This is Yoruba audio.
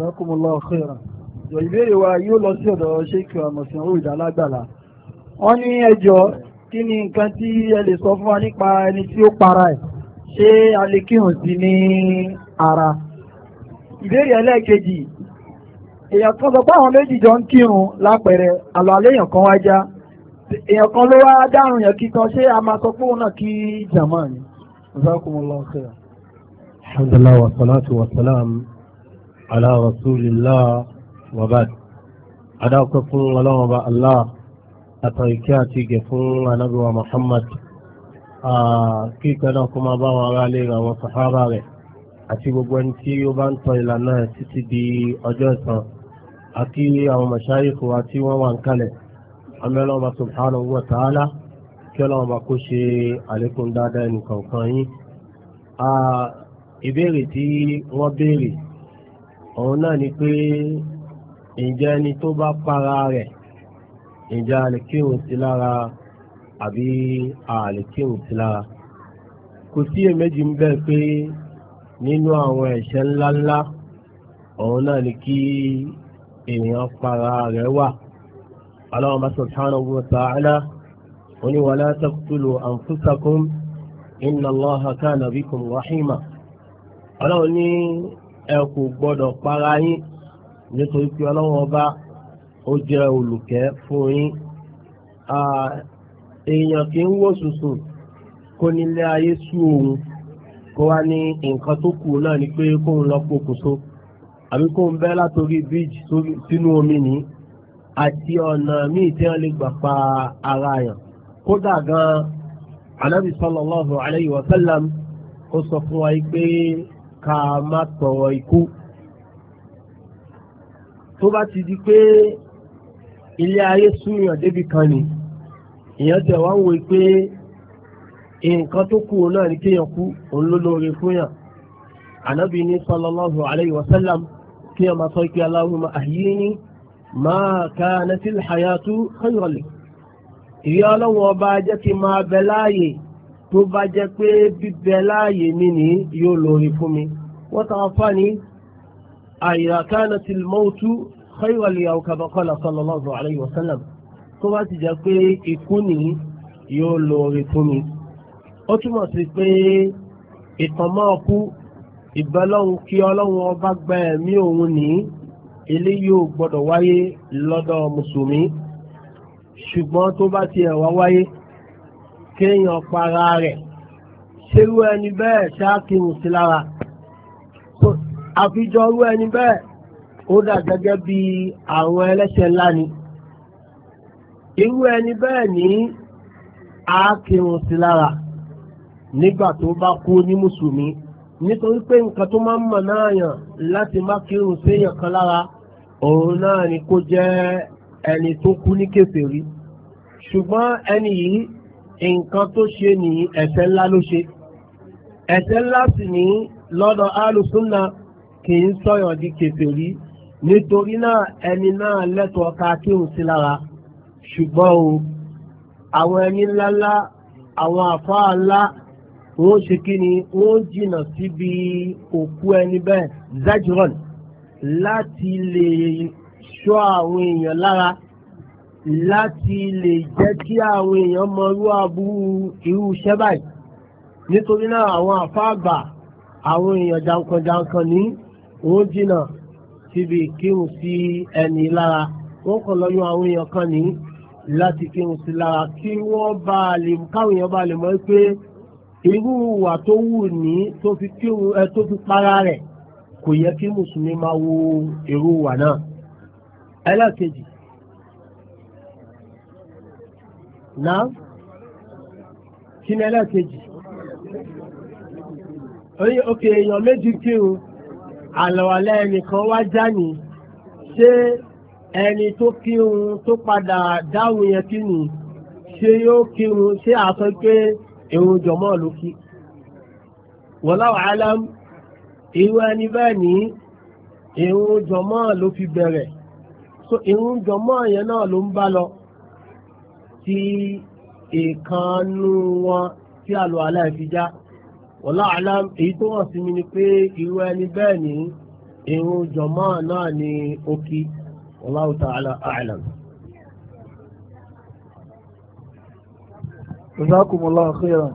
Jazakumullahu khairan. ìbéèrè wa yóò lọ sí ọ̀dọ̀ ṣéèkì àmọ̀sìn owó ìdálágbàlá. wọ́n ní ẹjọ́ kí ni nǹkan tí ẹ lè sọ fún wa nípa ẹni tí ó para ẹ̀ ṣé a lè kírun sí ní ara. ìbéèrè ẹlẹ́ẹ̀kejì èèyàn kan sọ pé àwọn méjì jọ ń kírun lápẹẹrẹ àlọ́ àléèyàn kan wá já èèyàn kan ló wá dárùn yẹn kíkan ṣé a máa sọ pé òun náà kí jàmáà ni. على رسول الله وبعد أداك فن الله الله أتركاتي كفن نبوة محمد kíkà náà kó máa bá wọn ará lè ra àwọn sàhábà rẹ̀ àti gbogbo ẹni tí ó bá ń tọ ìlànà ẹ̀ títí di ọjọ́ ìsàn àti àwọn mọ̀ṣáyìkò àti wọ́n wà ń kalẹ̀ amẹ́lọ́wọ́ subhanahu wa ta'ala kí ọlọ́wọ́ bá kó ṣe àlékún dáadáa ẹnì kọ̀ọ̀kan ìbéèrè tí wọ́n béèrè òun náà ni pé ǹjẹ́ ẹni tó bá para rẹ̀ ǹjẹ́ a lè kírun sí lára àbí a sí lára kò sí èméjì ń bẹ pé nínú àwọn ẹ̀ṣẹ̀ ńláńlá òun náà ni kí para rẹ̀ wà anfusakum inna allaha kana bikum rahima ní ẹ kò gbọ́dọ̀ para yín nítorí pé ọlọ́wọ́n ọba ó jẹ́ olùkẹ́ fún yín èèyàn kì í wò sùsùn kó nílé ayé sú òun kó wá ní nǹkan tó kù náà ni pé kóun lọ pokùnso àbí kóun bẹ́ látòrí bíjì sínú omi ní àti ọ̀nà míì tí wọ́n lè gbà pa ara yàn kódà gan-an anabi sallallahu alayhi wa sallam ó sọ fún wa pé ká má tọrọ ikú tó bá ti di pé ilé ayé súnmìyàn débi kan ni èèyàn tẹ̀ wá ń wo pé nǹkan tó kù náà ni kéèyàn kú òun ló lóore fún yàn ànábì ní sallallahu alayhi wa kéèyàn máa sọ pé Allahumma ahyini ma kanatil hayatu khayran li ìyá ọlọ́wọ́ ọba jẹ́ kí máa bẹ láàyè tó bá jẹ́ pé bíbẹ láàyè mi ní yóò lórí fún mi wọ́n tàn án fáni àyàkánà tí mọ́tú xeyìwàlì àwòkàbọ̀kọ́lá sallallahu alayhi wa sallam tó bá ti jẹ́ pé ikú ní yóò lórí fún mi. ó túmọ̀ sí pé ìtàn máa kú ìbẹ́lọ́hun kí ọlọ́run ọba gba ẹ̀mí òun ní ilé yóò gbọ́dọ̀ wáyé lọ́dọ̀ mùsùlùmí ṣùgbọ́n tó bá ti wá wáyé kéèyàn para rẹ̀ ṣerú ẹni bẹ́ẹ̀ ṣáàkìrù sí lára àfijọ́rú ẹni bẹ́ẹ̀ ó dà gẹ́gẹ́ bí àwọn ẹlẹ́ṣẹ̀ ńlá ni irú ẹni bẹ́ẹ̀ ní àákìrùn sí lára nígbà tó bá kú ní mùsùlùmí nítorí pé nǹkan tó máa ń mọ̀ náà yàn láti má kírun séèyàn kan lára òun náà ni kó jẹ́ ẹni tó kú ní kèfèrí ṣùgbọ́n ẹni yìí nǹkan tó ṣe ní ẹ̀ṣẹ̀ ńlá ló ṣe ẹ̀ṣẹ̀ ńlá sì ní lọ́dọ̀ alùsùnà kì í sọ̀yàn di kèfèrí nítorí náà ẹni náà lẹ́tọ̀ọ́ ká kírun sí lára ṣùgbọ́n o àwọn ẹni ńláńlá àwọn àfáà ńlá wọ́n ṣe kí ni wọ́n jìnnà síbi òkú ẹni bẹ́ẹ̀ zajron láti lè ṣọ́ àwọn èèyàn lára láti lè jẹ́ kí àwọn èèyàn mọ irú aburú irú iṣẹ́ báyìí nítorí náà àwọn àfáàgbà àwọn èèyàn jankan-jankan ní wọ́n jìnnà síbi kírun sí ẹni lára wọ́n kàn lọ yan àwọn èèyàn kan ní láti kírun sí lára kí wọ́n bá lè káwọn èèyàn bá lè mọ̀ pé irú ìwà tó wù ní tó fi kírun ẹ tó fi para rẹ̀ kò yẹ kí mùsùlùmí máa wo irú ìwà náà ẹlẹ́ẹ̀kejì náà kí ni ẹlẹ́ẹ̀kejì òkè èèyàn méjì kírun àlọ́ọ̀lẹ́ ẹnìkan wá jáni ṣé ẹni tó kírun tó padà dáhùn yẹn kí ni ṣé yóò kírun ṣé àsọ pé èrò jọ̀mọ́ ló kí wallahu alam irú ẹni bẹ́ẹ̀ ní èrò jọ̀mọ́ ló fi bẹ̀rẹ̀ so èrò jọ̀mọ́ yẹn náà ló ń bá lọ tí ìkànnú wọn tí àlọ́ aláìfijá wọ́lá àlá èyí tó wọ́n sí mi ni pé irú ẹni bẹ́ẹ̀ ni irun jọ̀mọ́ náà ni ó kí wallahu ta'ala a'lam. jazakumullahu khairan.